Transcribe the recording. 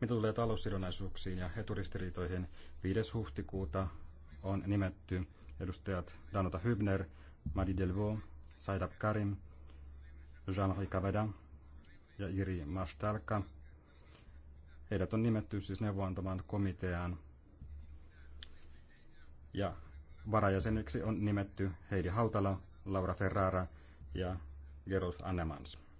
Mitä tulee taloussidonnaisuuksiin ja eturistiriitoihin, 5. huhtikuuta on nimetty edustajat Danuta Hübner, Madi Delvaux, Saidab Karim, Jean-Henri Cavada ja Iri Mastalka. Heidät on nimetty siis neuvontamaan komiteaan. Ja varajäseniksi on nimetty Heidi Hautala, Laura Ferrara ja Gerolf Annemans.